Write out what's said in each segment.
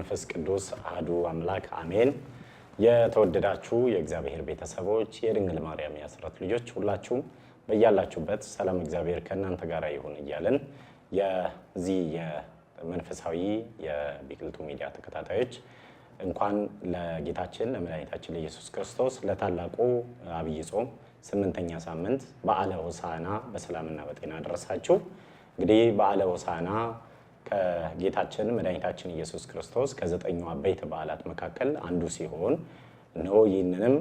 መንፈስ ቅዱስ አህዱ አምላክ አሜን። የተወደዳችሁ የእግዚአብሔር ቤተሰቦች የድንግል ማርያም የአስራት ልጆች ሁላችሁም በያላችሁበት ሰላም እግዚአብሔር ከእናንተ ጋር ይሁን እያልን የዚህ የመንፈሳዊ የቢቅልቱ ሚዲያ ተከታታዮች እንኳን ለጌታችን ለመድኃኒታችን ለኢየሱስ ክርስቶስ ለታላቁ አብይ ጾም ስምንተኛ ሳምንት በዓለ ሆሳዕና በሰላምና በጤና ደረሳችሁ። እንግዲህ በዓለ ሆሳዕና ከጌታችን መድኃኒታችን ኢየሱስ ክርስቶስ ከዘጠኙ አበይት በዓላት መካከል አንዱ ሲሆን እነሆ ይህንንም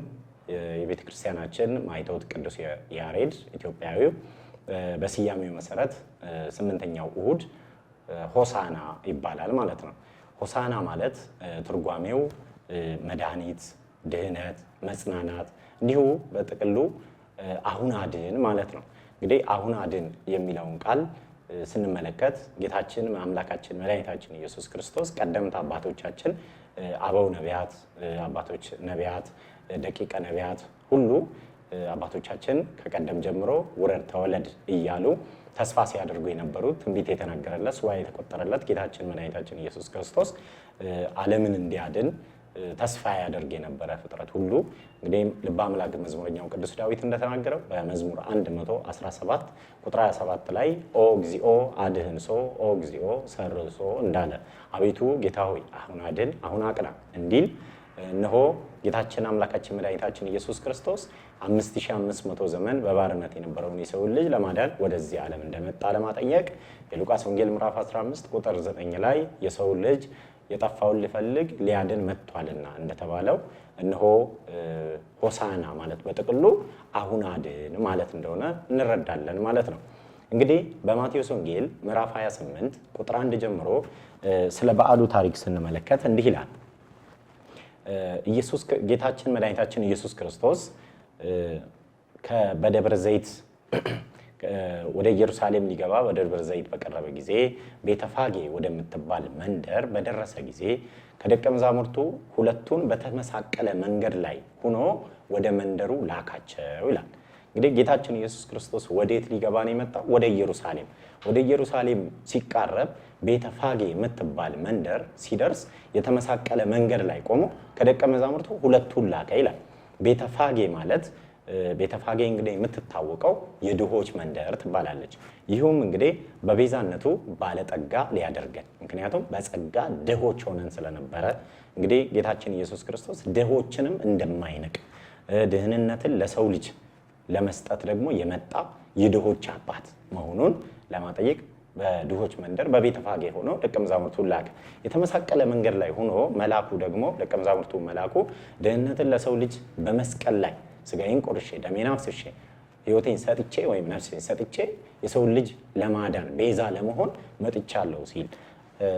የቤተ ክርስቲያናችን ማይተውት ቅዱስ ያሬድ ኢትዮጵያዊው በስያሜው መሰረት ስምንተኛው እሁድ ሆሳና ይባላል ማለት ነው። ሆሳና ማለት ትርጓሜው መድኃኒት፣ ድህነት፣ መጽናናት እንዲሁ በጥቅሉ አሁን አድን ማለት ነው። እንግዲህ አሁን አድን የሚለውን ቃል ስንመለከት ጌታችን አምላካችን መድኃኒታችን ኢየሱስ ክርስቶስ ቀደምት አባቶቻችን አበው ነቢያት፣ አባቶች ነቢያት፣ ደቂቀ ነቢያት ሁሉ አባቶቻችን ከቀደም ጀምሮ ውረድ ተወለድ እያሉ ተስፋ ሲያደርጉ የነበሩ ትንቢት የተነገረለት ሱባኤ የተቆጠረለት ጌታችን መድኃኒታችን ኢየሱስ ክርስቶስ ዓለምን እንዲያድን ተስፋ ያደርግ የነበረ ፍጥረት ሁሉ እንግዲህ ልበ አምላክ መዝሙረኛው ቅዱስ ዳዊት እንደተናገረው በመዝሙር 117 ቁጥር 27 ላይ ኦ እግዚኦ አድህንሶ ኦ እግዚኦ ሰርሶ እንዳለ አቤቱ ጌታ ሆይ አሁን አድን፣ አሁን አቅና እንዲል እነሆ ጌታችን አምላካችን መድኃኒታችን ኢየሱስ ክርስቶስ 5500 ዘመን በባርነት የነበረውን የሰውን ልጅ ለማዳን ወደዚህ ዓለም እንደመጣ ለማጠየቅ የሉቃስ ወንጌል ምዕራፍ 15 ቁጥር 9 ላይ የሰውን ልጅ የጠፋውን ሊፈልግ ሊያድን መጥቷልና እንደተባለው እነሆ ሆሳና ማለት በጥቅሉ አሁን አድን ማለት እንደሆነ እንረዳለን ማለት ነው። እንግዲህ በማቴዎስ ወንጌል ምዕራፍ 28 ቁጥር 1 ጀምሮ ስለ በዓሉ ታሪክ ስንመለከት እንዲህ ይላል። ኢየሱስ ጌታችን መድኃኒታችን ኢየሱስ ክርስቶስ በደብረ ዘይት ወደ ኢየሩሳሌም ሊገባ ወደ ደብረ ዘይት በቀረበ ጊዜ ቤተፋጌ ወደምትባል መንደር በደረሰ ጊዜ ከደቀ መዛሙርቱ ሁለቱን በተመሳቀለ መንገድ ላይ ሆኖ ወደ መንደሩ ላካቸው ይላል። እንግዲህ ጌታችን ኢየሱስ ክርስቶስ ወዴት ሊገባ ነው የመጣው? ወደ ኢየሩሳሌም። ወደ ኢየሩሳሌም ሲቃረብ ቤተፋጌ የምትባል መንደር ሲደርስ የተመሳቀለ መንገድ ላይ ቆሞ ከደቀ መዛሙርቱ ሁለቱን ላከ ይላል። ቤተፋጌ ማለት ቤተፋጌ እንግዲህ የምትታወቀው የድሆች መንደር ትባላለች። ይህም እንግዲህ በቤዛነቱ ባለጠጋ ሊያደርገን፣ ምክንያቱም በጸጋ ድሆች ሆነን ስለነበረ እንግዲህ ጌታችን ኢየሱስ ክርስቶስ ድሆችንም እንደማይንቅ ድህንነትን ለሰው ልጅ ለመስጠት ደግሞ የመጣ የድሆች አባት መሆኑን ለማጠየቅ በድሆች መንደር በቤተፋጌ ሆኖ ደቀ መዛሙርቱ ላከ። የተመሳቀለ መንገድ ላይ ሆኖ መላኩ ደግሞ ደቀ መዛሙርቱ መላኩ ድህነትን ለሰው ልጅ በመስቀል ላይ ስጋዬን ቆርሼ ደሜን አፍስሼ ህይወቴን ሰጥቼ ወይም ነፍሴን ሰጥቼ የሰውን ልጅ ለማዳን ቤዛ ለመሆን መጥቻለሁ ሲል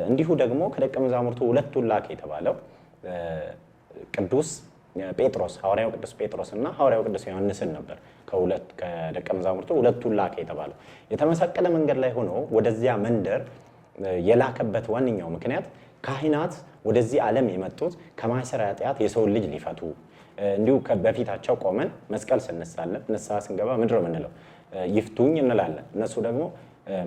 እንዲሁ ደግሞ ከደቀ መዛሙርቱ ሁለቱን ላከ የተባለው ቅዱስ ጴጥሮስ ሐዋርያው ቅዱስ ጴጥሮስ እና ሐዋርያው ቅዱስ ዮሐንስን ነበር። ከደቀ መዛሙርቱ ሁለቱን ላከ የተባለው የተመሰቀለ መንገድ ላይ ሆኖ ወደዚያ መንደር የላከበት ዋነኛው ምክንያት ካህናት ወደዚህ ዓለም የመጡት ከማይሰራ ኃጢአት የሰውን ልጅ ሊፈቱ እንዲሁ በፊታቸው ቆመን መስቀል ስንሳለም ንስሐ ስንገባ ምንድን የምንለው? ይፍቱኝ እንላለን። እነሱ ደግሞ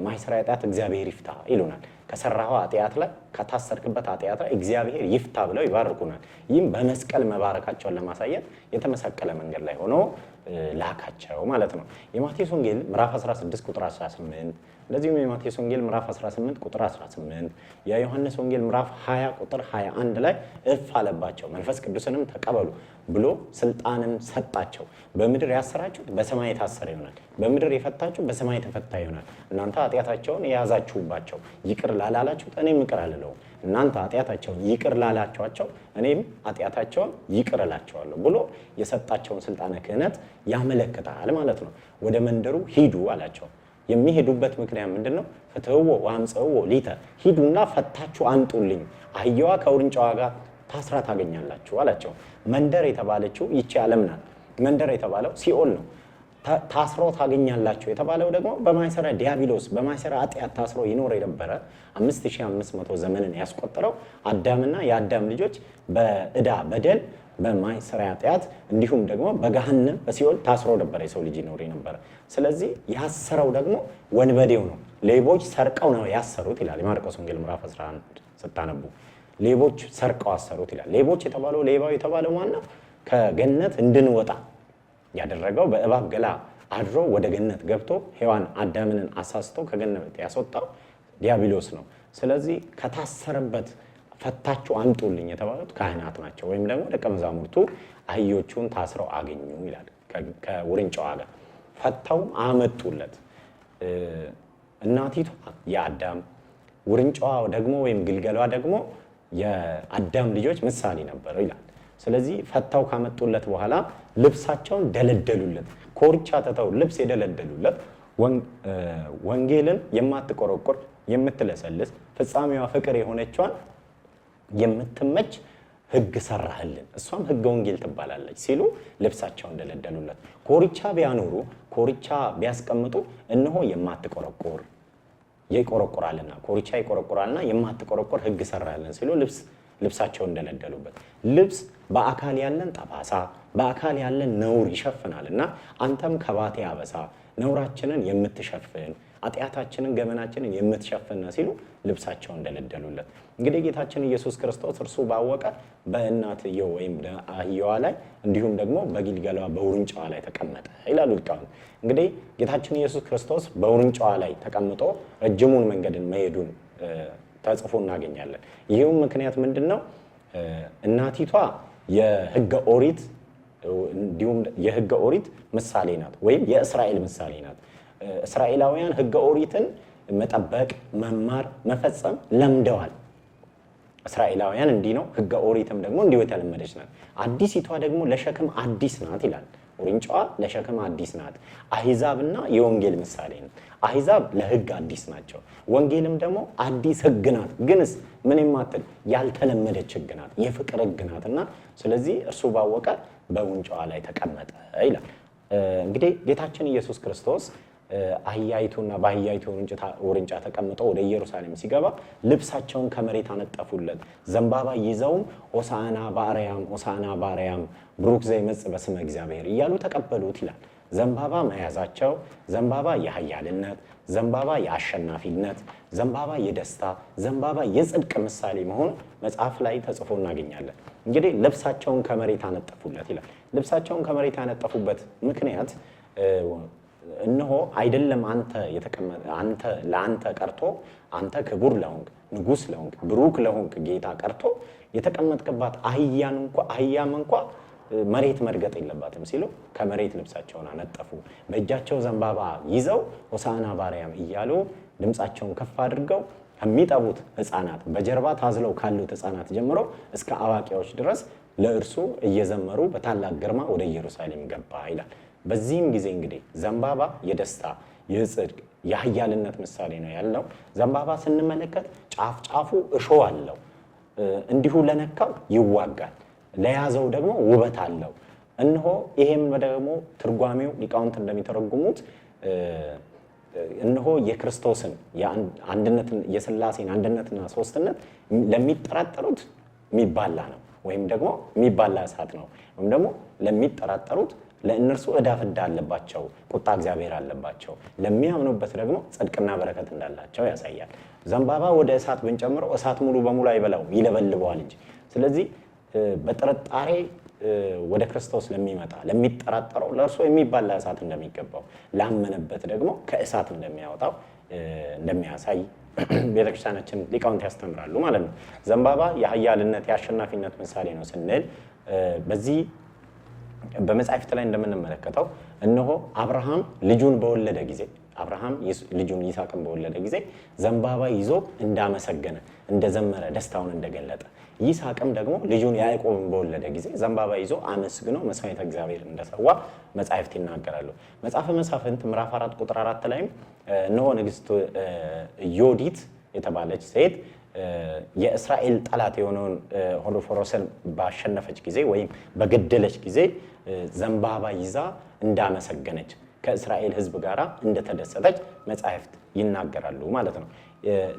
ማይሰራ ኃጢአት እግዚአብሔር ይፍታ ይሉናል። ከሰራኸው ኃጢአት ላይ ከታሰርክበት ኃጢአት ላይ እግዚአብሔር ይፍታ ብለው ይባርኩናል። ይህም በመስቀል መባረካቸውን ለማሳየት የተመሰቀለ መንገድ ላይ ሆኖ ላካቸው ማለት ነው። የማቴዎስ ወንጌል ምዕራፍ 16 ቁጥር 18 እንደዚሁም የማቴዎስ ወንጌል ምዕራፍ 18 ቁጥር 18 የዮሐንስ ወንጌል ምዕራፍ 20 ቁጥር 21 ላይ እፍ አለባቸው መንፈስ ቅዱስንም ተቀበሉ ብሎ ስልጣንን ሰጣቸው። በምድር ያሰራችሁት በሰማይ የታሰረ ይሆናል፣ በምድር የፈታችሁ በሰማይ የተፈታ ይሆናል። እናንተ ኃጢአታቸውን የያዛችሁባቸው ይቅር ላላላችሁት እኔም ይቅር አልለውም እናንተ ኃጢአታቸውን ይቅር እኔም ኃጢአታቸውን ይቅር እላቸዋለሁ ብሎ የሰጣቸውን ስልጣነ ክህነት ያመለክታል ማለት ነው። ወደ መንደሩ ሂዱ አላቸው። የሚሄዱበት ምክንያት ምንድን ነው? ፍትህዎ ወአምፅዎ ሊተ፣ ሂዱና ፈታችሁ አንጡልኝ፣ አህያዋ ከውርንጫዋ ጋር ታስራ ታገኛላችሁ አላቸው። መንደር የተባለችው ይቺ ዓለም ናት። መንደር የተባለው ሲኦል ነው። ታስሮ ታገኛላችሁ የተባለው ደግሞ በማይሰራ ዲያብሎስ በማይሰራ ኃጢአት ታስሮ ይኖር የነበረ 5500 ዘመንን ያስቆጠረው አዳምና የአዳም ልጆች በእዳ በደል በማይሰራ ኃጢአት እንዲሁም ደግሞ በገሃነም በሲኦል ታስሮ ነበር የሰው ልጅ ይኖር ነበር። ስለዚህ ያሰረው ደግሞ ወንበዴው ነው። ሌቦች ሰርቀው ነው ያሰሩት ይላል የማርቆስ ወንጌል ምዕራፍ 11 ስታነቡ፣ ሌቦች ሰርቀው አሰሩት ይላል። ሌቦች የተባለው ሌባው የተባለው ማነው? ከገነት እንድንወጣ ያደረገው በእባብ ገላ አድሮ ወደ ገነት ገብቶ ሔዋን አዳምንን አሳስቶ ከገነት ያስወጣው ዲያብሎስ ነው። ስለዚህ ከታሰረበት ፈታችሁ አምጡልኝ የተባሉት ካህናት ናቸው፣ ወይም ደግሞ ደቀ መዛሙርቱ አህዮቹን ታስረው አገኙ ይላል። ከውርንጫዋ ጋር ፈታውም አመጡለት። እናቲቷ የአዳም ውርንጫዋ ደግሞ ወይም ግልገሏ ደግሞ የአዳም ልጆች ምሳሌ ነበረው ይላል። ስለዚህ ፈታው ካመጡለት በኋላ ልብሳቸውን ደለደሉለት። ኮርቻ ትተው ልብስ የደለደሉለት ወንጌልን የማትቆረቆር የምትለሰልስ ፍጻሜዋ ፍቅር የሆነችዋን የምትመች ሕግ ሰራህልን፣ እሷም ሕገ ወንጌል ትባላለች ሲሉ ልብሳቸው እንደለደሉለት ኮርቻ ቢያኖሩ ኮርቻ ቢያስቀምጡ እነሆ የማትቆረቆር ይቆረቆራልና ኮርቻ ይቆረቁራልና የማትቆረቆር ሕግ ሰራህልን ሲሉ ልብስ ልብሳቸው እንደነደሉበት። ልብስ በአካል ያለን ጠባሳ፣ በአካል ያለን ነውር ይሸፍናል እና አንተም ከባቴ አበሳ ነውራችንን የምትሸፍን ኃጢአታችንን ገመናችንን የምትሸፍን ሲሉ ልብሳቸው እንደነደሉለት። እንግዲህ ጌታችን ኢየሱስ ክርስቶስ እርሱ ባወቀ በእናትየው ወይም አህየዋ ላይ እንዲሁም ደግሞ በግልገሏ በውርንጫዋ ላይ ተቀመጠ ይላሉ ሊቃውንት። እንግዲህ ጌታችን ኢየሱስ ክርስቶስ በውርንጫዋ ላይ ተቀምጦ ረጅሙን መንገድን መሄዱን ተጽፎ እናገኛለን። ይህም ምክንያት ምንድን ነው? እናቲቷ የህገ ኦሪት እንዲሁም የህገ ኦሪት ምሳሌ ናት፣ ወይም የእስራኤል ምሳሌ ናት። እስራኤላውያን ህገ ኦሪትን መጠበቅ፣ መማር፣ መፈጸም ለምደዋል። እስራኤላውያን እንዲህ ነው፣ ህገ ኦሪትም ደግሞ እንዲሁ የተለመደች ናት። አዲሲቷ ደግሞ ለሸክም አዲስ ናት ይላል። ውርንጫዋ ለሸክም አዲስ ናት። አሂዛብና የወንጌል ምሳሌ ነው። አሂዛብ ለህግ አዲስ ናቸው። ወንጌልም ደግሞ አዲስ ህግ ናት። ግንስ ምን የማትል ያልተለመደች ህግ ናት፣ የፍቅር ህግ ናት እና ስለዚህ እርሱ ባወቀ በውንጫዋ ላይ ተቀመጠ ይላል። እንግዲህ ጌታችን ኢየሱስ ክርስቶስ አህያይቱና በአህያይቱ ውርንጫ ተቀምጦ ወደ ኢየሩሳሌም ሲገባ ልብሳቸውን ከመሬት አነጠፉለት። ዘንባባ ይዘውም ኦሳና ባርያም፣ ኦሳና ባርያም፣ ብሩክ ዘይመጽእ በስመ እግዚአብሔር እያሉ ተቀበሉት ይላል። ዘንባባ መያዛቸው ዘንባባ የኃያልነት፣ ዘንባባ የአሸናፊነት፣ ዘንባባ የደስታ፣ ዘንባባ የጽድቅ ምሳሌ መሆን መጽሐፍ ላይ ተጽፎ እናገኛለን። እንግዲህ ልብሳቸውን ከመሬት አነጠፉለት ይላል። ልብሳቸውን ከመሬት ያነጠፉበት ምክንያት እነሆ አይደለም አንተ የተቀመጠ አንተ ለአንተ ቀርቶ አንተ ክቡር ለሆንክ ንጉስ ለሆንክ ብሩክ ለሆንክ ጌታ ቀርቶ የተቀመጥክባት አህያን እንኳ አህያም እንኳ መሬት መርገጥ የለባትም ሲሉ ከመሬት ልብሳቸውን አነጠፉ። በእጃቸው ዘንባባ ይዘው ሆሳዕና ባርያም እያሉ ድምፃቸውን ከፍ አድርገው ከሚጠቡት ህፃናት በጀርባ ታዝለው ካሉት ህፃናት ጀምሮ እስከ አዋቂዎች ድረስ ለእርሱ እየዘመሩ በታላቅ ግርማ ወደ ኢየሩሳሌም ገባ ይላል። በዚህም ጊዜ እንግዲህ ዘንባባ የደስታ የጽድቅ የኃያልነት ምሳሌ ነው ያለው። ዘንባባ ስንመለከት ጫፍ ጫፉ እሾ አለው፣ እንዲሁ ለነካው ይዋጋል፣ ለያዘው ደግሞ ውበት አለው። እነሆ ይሄም ደግሞ ትርጓሜው ሊቃውንት እንደሚተረጉሙት እነሆ የክርስቶስን አንድነትን የስላሴን አንድነትና ሶስትነት ለሚጠራጠሩት የሚባላ ነው ወይም ደግሞ የሚባላ እሳት ነው ወይም ደግሞ ለሚጠራጠሩት ለእነርሱ ዕዳ ፍዳ አለባቸው፣ ቁጣ እግዚአብሔር አለባቸው። ለሚያምኑበት ደግሞ ጽድቅና በረከት እንዳላቸው ያሳያል። ዘንባባ ወደ እሳት ብንጨምረው እሳት ሙሉ በሙሉ አይበላው ይለበልበዋል እንጂ። ስለዚህ በጥርጣሬ ወደ ክርስቶስ ለሚመጣ ለሚጠራጠረው ለእርሱ የሚባል እሳት እንደሚገባው ላመነበት ደግሞ ከእሳት እንደሚያወጣው እንደሚያሳይ ቤተክርስቲያናችን ሊቃውንት ያስተምራሉ ማለት ነው። ዘንባባ የኃያልነት የአሸናፊነት ምሳሌ ነው ስንል በዚህ በመጽሐፍት ላይ እንደምንመለከተው እነሆ አብርሃም ልጁን በወለደ ጊዜ አብርሃም ልጁን ይስሐቅን በወለደ ጊዜ ዘንባባ ይዞ እንዳመሰገነ እንደዘመረ ደስታውን እንደገለጠ ይስሐቅም ደግሞ ልጁን ያዕቆብን በወለደ ጊዜ ዘንባባ ይዞ አመስግኖ መስዋዕተ እግዚአብሔር እንደሰዋ መጽሐፍት ይናገራሉ። መጽሐፈ መሳፍንት ምዕራፍ አራት ቁጥር አራት ላይም እነሆ ንግስት ዮዲት የተባለች ሴት የእስራኤል ጠላት የሆነውን ሆሎፎሮስን ባሸነፈች ጊዜ ወይም በገደለች ጊዜ ዘንባባ ይዛ እንዳመሰገነች ከእስራኤል ሕዝብ ጋር እንደተደሰተች መጻሕፍት ይናገራሉ ማለት ነው።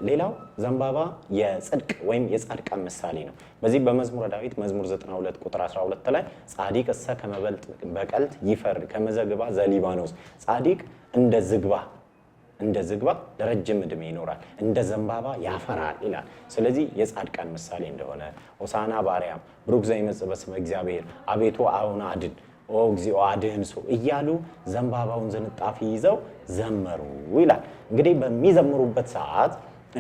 ሌላው ዘንባባ የጽድቅ ወይም የጻድቃን ምሳሌ ነው። በዚህ በመዝሙረ ዳዊት መዝሙር 92 ቁጥር 12 ላይ ጻዲቅ እሰ ከመበልጥ በቀልት ይፈርድ ከመዘግባ ዘሊባኖስ ጻዲቅ እንደ ዝግባ እንደ ዝግባ ለረጅም ዕድሜ ይኖራል፣ እንደ ዘንባባ ያፈራል ይላል። ስለዚህ የጻድቃን ምሳሌ እንደሆነ ሆሳና በአርያም ብሩክ ዘይመጽእ በስመ እግዚአብሔር አቤቱ አሁን አድን ኦ እግዚኦ አድህንሱ እያሉ ዘንባባውን ዝንጣፊ ይዘው ዘመሩ ይላል። እንግዲህ በሚዘምሩበት ሰዓት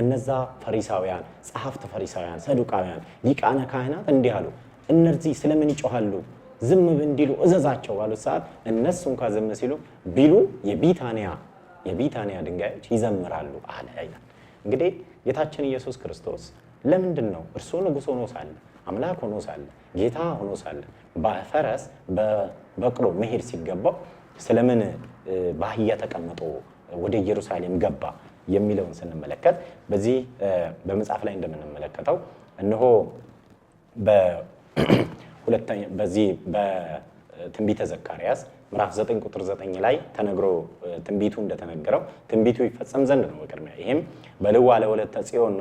እነዛ ፈሪሳውያን፣ ጸሐፍት ፈሪሳውያን፣ ሰዱቃውያን፣ ሊቃነ ካህናት እንዲህ አሉ። እነዚህ ስለምን ይጮኋሉ? ዝም እንዲሉ እዘዛቸው ባሉት ሰዓት እንኳ ዝም ሲሉ ቢሉ የቢታንያ የቢታንያ ድንጋዮች ይዘምራሉ አለ ይላል። እንግዲህ ጌታችን ኢየሱስ ክርስቶስ ለምንድን ነው እርሱ ንጉሥ ሆኖ ሳለ አምላክ ሆኖ ሳለ ጌታ ሆኖ ሳለ በፈረስ በበቅሎ መሄድ ሲገባው ስለምን በአህያ ተቀምጦ ወደ ኢየሩሳሌም ገባ የሚለውን ስንመለከት በዚህ በመጽሐፍ ላይ እንደምንመለከተው እነሆ በዚህ በትንቢተ ዘካርያስ ምዕራፍ 9 ቁጥር 9 ላይ ተነግሮ ትንቢቱ እንደተነገረው ትንቢቱ ይፈጸም ዘንድ ነው በቅድሚያ ይህም በልዋ ለወለተ ጽዮን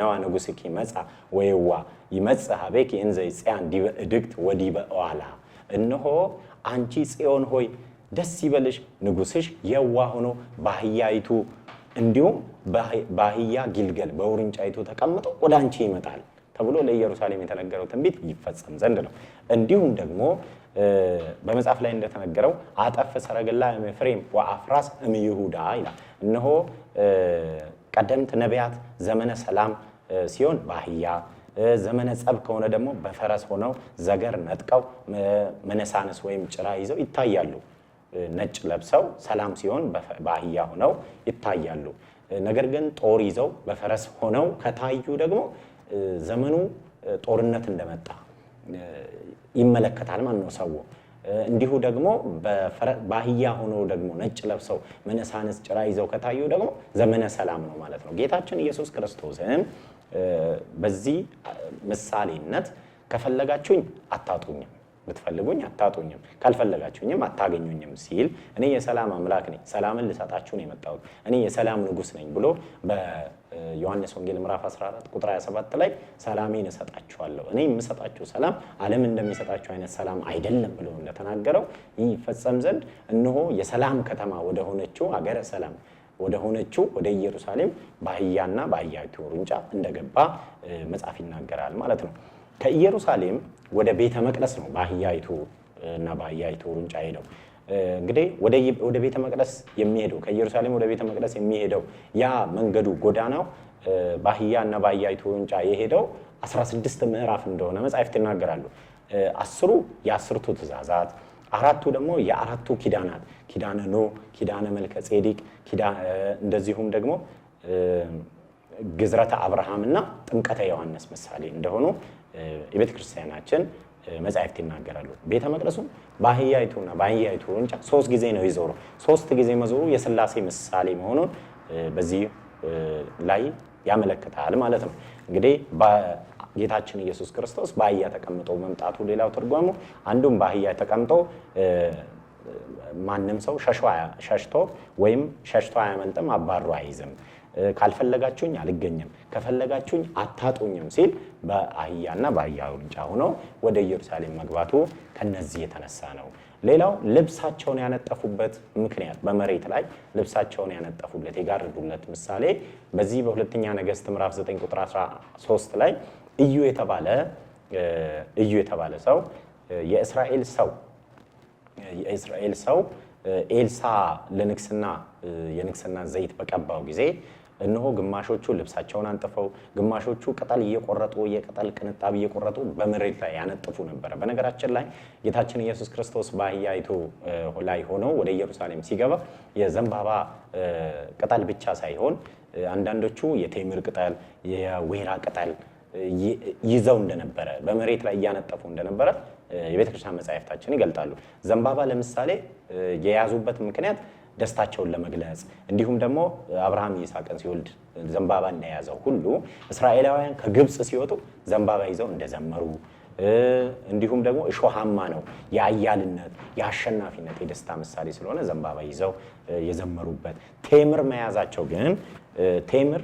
ነዋ ንጉሥኪ መጻ ወይዋ ይመጽ ኀቤኪ እንዘ ጽያን ዲበ እድግት ወዲበ ኋላ እነሆ አንቺ ጽዮን ሆይ ደስ ይበልሽ ንጉሥሽ የዋ ሆኖ ባህያይቱ እንዲሁም ባህያ ጊልገል በውርንጫይቱ ተቀምጦ ወደ አንቺ ይመጣል ተብሎ ለኢየሩሳሌም የተነገረው ትንቢት ይፈጸም ዘንድ ነው። እንዲሁም ደግሞ በመጽሐፍ ላይ እንደተነገረው አጠፍ ሰረገላ እምኤፍሬም ወአፍራስ እምይሁዳ ይላል። እነሆ ቀደምት ነቢያት ዘመነ ሰላም ሲሆን በአህያ ዘመነ ጸብ ከሆነ ደግሞ በፈረስ ሆነው ዘገር ነጥቀው መነሳነስ ወይም ጭራ ይዘው ይታያሉ። ነጭ ለብሰው ሰላም ሲሆን በአህያ ሆነው ይታያሉ። ነገር ግን ጦር ይዘው በፈረስ ሆነው ከታዩ ደግሞ ዘመኑ ጦርነት እንደመጣ ይመለከታል ማለት ነው ሰው። እንዲሁ ደግሞ በአህያ ሆኖ ደግሞ ነጭ ለብሰው መነሳንስ ጭራ ይዘው ከታዩ ደግሞ ዘመነ ሰላም ነው ማለት ነው። ጌታችን ኢየሱስ ክርስቶስም በዚህ ምሳሌነት ከፈለጋችሁኝ አታጡኝም ብትፈልጉኝ አታጡኝም፣ ካልፈለጋችሁኝም አታገኙኝም ሲል እኔ የሰላም አምላክ ነኝ፣ ሰላምን ልሰጣችሁ ነው የመጣሁት፣ እኔ የሰላም ንጉስ ነኝ ብሎ በዮሐንስ ወንጌል ምዕራፍ 14 ቁጥር 27 ላይ ሰላሜን እሰጣችኋለሁ፣ እኔ የምሰጣችሁ ሰላም ዓለም እንደሚሰጣችሁ አይነት ሰላም አይደለም ብሎ እንደተናገረው ይህ ይፈጸም ዘንድ እነሆ የሰላም ከተማ ወደሆነችው አገረ ሰላም ወደ ሆነችው ወደ ኢየሩሳሌም በአህያና በአህያይቱ ውርንጫ እንደገባ መጽሐፍ ይናገራል ማለት ነው። ከኢየሩሳሌም ወደ ቤተ መቅደስ ነው በአህያይቱ እና በአህያይቱ ሩንጫ ሄደው እንግዲህ ወደ ቤተ መቅደስ የሚሄደው ከኢየሩሳሌም ወደ ቤተ መቅደስ የሚሄደው ያ መንገዱ ጎዳናው በአህያ እና በአህያይቱ ሩንጫ የሄደው 16 ምዕራፍ እንደሆነ መጽሐፍት ይናገራሉ። አስሩ የአስርቱ ትእዛዛት፣ አራቱ ደግሞ የአራቱ ኪዳናት ኪዳነ ኖ ኪዳነ መልከ ጼዴቅ፣ እንደዚሁም ደግሞ ግዝረተ አብርሃም እና ጥምቀተ ዮሐንስ ምሳሌ እንደሆኑ የቤተ ክርስቲያናችን መጻሕፍት ይናገራሉ። ቤተ መቅደሱም በአህያይቱና በአህያይቱ ውርንጫ ሶስት ጊዜ ነው ይዞሩ። ሶስት ጊዜ መዞሩ የስላሴ ምሳሌ መሆኑን በዚህ ላይ ያመለክታል ማለት ነው። እንግዲህ ጌታችን ኢየሱስ ክርስቶስ በአህያ ተቀምጦ መምጣቱ ሌላው ትርጓሙ፣ አንዱም በአህያ ተቀምጦ ማንም ሰው ሸሽቶ ወይም ሸሽቶ አያመልጥም፣ አባሮ አይዝም። ካልፈለጋችሁኝ አልገኝም፣ ከፈለጋችሁኝ አታጡኝም ሲል በአህያና በአህያ ውርንጫ ሆኖ ወደ ኢየሩሳሌም መግባቱ ከነዚህ የተነሳ ነው። ሌላው ልብሳቸውን ያነጠፉበት ምክንያት በመሬት ላይ ልብሳቸውን ያነጠፉለት የጋረዱለት ምሳሌ በዚህ በሁለተኛ ነገሥት ምዕራፍ 9 ቁጥር 13 ላይ እዩ የተባለ እዩ የተባለ ሰው የእስራኤል ሰው የእስራኤል ሰው ኤልሳ ለንግስና የንግስና ዘይት በቀባው ጊዜ እነሆ ግማሾቹ ልብሳቸውን አንጥፈው፣ ግማሾቹ ቅጠል እየቆረጡ የቅጠል ቅንጣብ እየቆረጡ በመሬት ላይ ያነጥፉ ነበረ። በነገራችን ላይ ጌታችን ኢየሱስ ክርስቶስ በአህያይቱ ላይ ሆነው ወደ ኢየሩሳሌም ሲገባ የዘንባባ ቅጠል ብቻ ሳይሆን አንዳንዶቹ የቴምር ቅጠል፣ የወይራ ቅጠል ይዘው እንደነበረ በመሬት ላይ እያነጠፉ እንደነበረ የቤተክርስቲያን መጻሕፍታችን ይገልጣሉ። ዘንባባ ለምሳሌ የያዙበት ምክንያት ደስታቸውን ለመግለጽ እንዲሁም ደግሞ አብርሃም ይስሐቅን ሲወልድ ዘንባባ እንደያዘው ሁሉ እስራኤላውያን ከግብፅ ሲወጡ ዘንባባ ይዘው እንደዘመሩ እንዲሁም ደግሞ እሾሃማ ነው። የአያልነት የአሸናፊነት የደስታ ምሳሌ ስለሆነ ዘንባባ ይዘው የዘመሩበት ቴምር መያዛቸው ግን ቴምር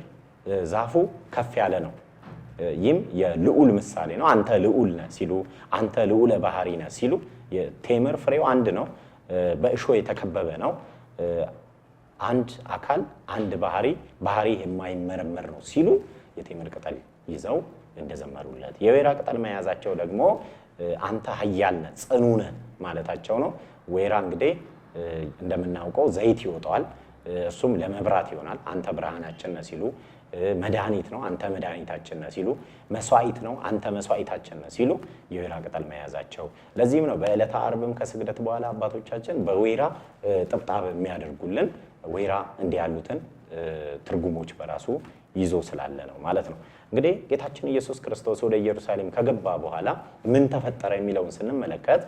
ዛፉ ከፍ ያለ ነው። ይህም የልዑል ምሳሌ ነው። አንተ ልዑል ነህ ሲሉ፣ አንተ ልዑለ ባህሪ ነህ ሲሉ፣ የቴምር ፍሬው አንድ ነው፣ በእሾህ የተከበበ ነው። አንድ አካል አንድ ባህሪ ባህሪ የማይመረመር ነው ሲሉ የቴምር ቅጠል ይዘው እንደዘመሩለት የወይራ ቅጠል መያዛቸው ደግሞ አንተ ሀያልነ ጽኑነ ማለታቸው ነው። ወይራ እንግዲህ እንደምናውቀው ዘይት ይወጣዋል፣ እሱም ለመብራት ይሆናል። አንተ ብርሃናችን ነ ሲሉ መድኃኒት ነው አንተ መድኃኒታችን ነህ ሲሉ፣ መስዋዕት ነው አንተ መስዋዕታችን ነህ ሲሉ የወይራ ቅጠል መያዛቸው። ለዚህም ነው በዕለተ ዓርብም ከስግደት በኋላ አባቶቻችን በወይራ ጥብጣብ የሚያደርጉልን ወይራ እንዲህ ያሉትን ትርጉሞች በራሱ ይዞ ስላለ ነው ማለት ነው። እንግዲህ ጌታችን ኢየሱስ ክርስቶስ ወደ ኢየሩሳሌም ከገባ በኋላ ምን ተፈጠረ የሚለውን ስንመለከት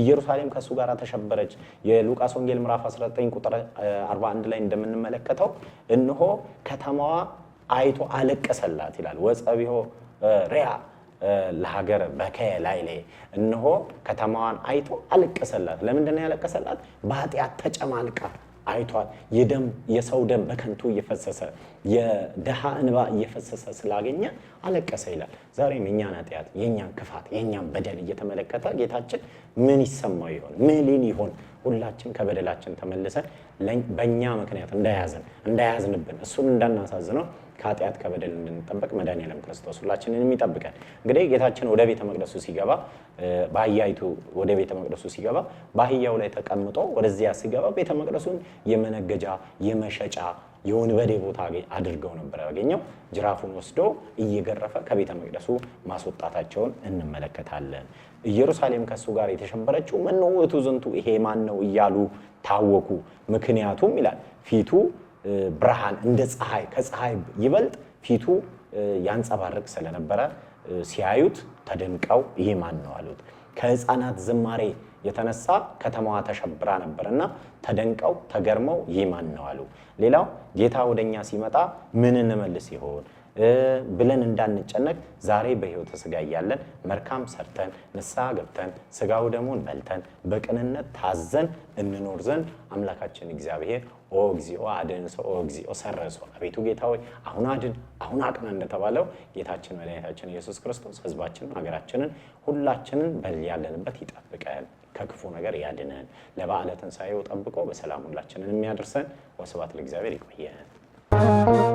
ኢየሩሳሌም ከእሱ ጋር ተሸበረች። የሉቃስ ወንጌል ምዕራፍ 19 ቁጥር 41 ላይ እንደምንመለከተው እነሆ ከተማዋ አይቶ አለቀሰላት ይላል። ወፀቢሆ ሪያ ለሀገር በከየ ላይ ላይ እነሆ ከተማዋን አይቶ አለቀሰላት። ለምንድን ነው ያለቀሰላት? በኃጢአት ተጨማልቃ አይቷል። የደም የሰው ደም በከንቱ እየፈሰሰ የደሃ እንባ እየፈሰሰ ስላገኘ አለቀሰ ይላል። ዛሬም እኛን ኃጢአት፣ የእኛን ክፋት፣ የእኛን በደል እየተመለከተ ጌታችን ምን ይሰማው ይሆን? ምን ሊል ይሆን? ሁላችን ከበደላችን ተመልሰን በእኛ ምክንያት እንዳያዝን እንዳያዝንብን እሱን እንዳናሳዝነው ከኃጢአት ከበደል እንድንጠበቅ መድኃኔዓለም ክርስቶስ ሁላችንንም ይጠብቀን። እንግዲህ ጌታችን ወደ ቤተ መቅደሱ ሲገባ በአህያይቱ ወደ ቤተ መቅደሱ ሲገባ በአህያው ላይ ተቀምጦ ወደዚያ ሲገባ ቤተ መቅደሱን የመነገጃ የመሸጫ የወንበዴ ቦታ አድርገው ነበር ያገኘው። ጅራፉን ወስዶ እየገረፈ ከቤተ መቅደሱ ማስወጣታቸውን እንመለከታለን። ኢየሩሳሌም ከእሱ ጋር የተሸበረችው መኖ ውእቱ ዝንቱ፣ ይሄ ማን ነው እያሉ ታወኩ። ምክንያቱም ይላል ፊቱ ብርሃን እንደ ፀሐይ ከፀሐይ ይበልጥ ፊቱ ያንጸባርቅ ስለነበረ ሲያዩት ተደንቀው ይሄ ማን ነው አሉት። ከህፃናት ዝማሬ የተነሳ ከተማዋ ተሸብራ ነበርና ተደንቀው ተገርመው ይህ ማን ነው አሉ። ሌላው ጌታ ወደኛ ሲመጣ ምን እንመልስ ይሆን? ብለን እንዳንጨነቅ ዛሬ በህይወተ ስጋ እያለን መልካም ሰርተን ንስሐ ገብተን ስጋው ደሙን በልተን በቅንነት ታዘን እንኖር ዘንድ አምላካችን እግዚአብሔር ኦ እግዚኦ አድንሶ ኦ እግዚኦ ሰረሶ አቤቱ ጌታ ሆይ አሁን አድን አሁን አቅና እንደተባለው ጌታችን መድኃኒታችን ኢየሱስ ክርስቶስ ህዝባችን ሀገራችንን ሁላችንን በያለንበት ይጠብቀን ከክፉ ነገር ያድነን ለበዓለ ትንሣኤው ጠብቆ በሰላም ሁላችንን የሚያደርሰን ወስባት ለእግዚአብሔር ይቆየን።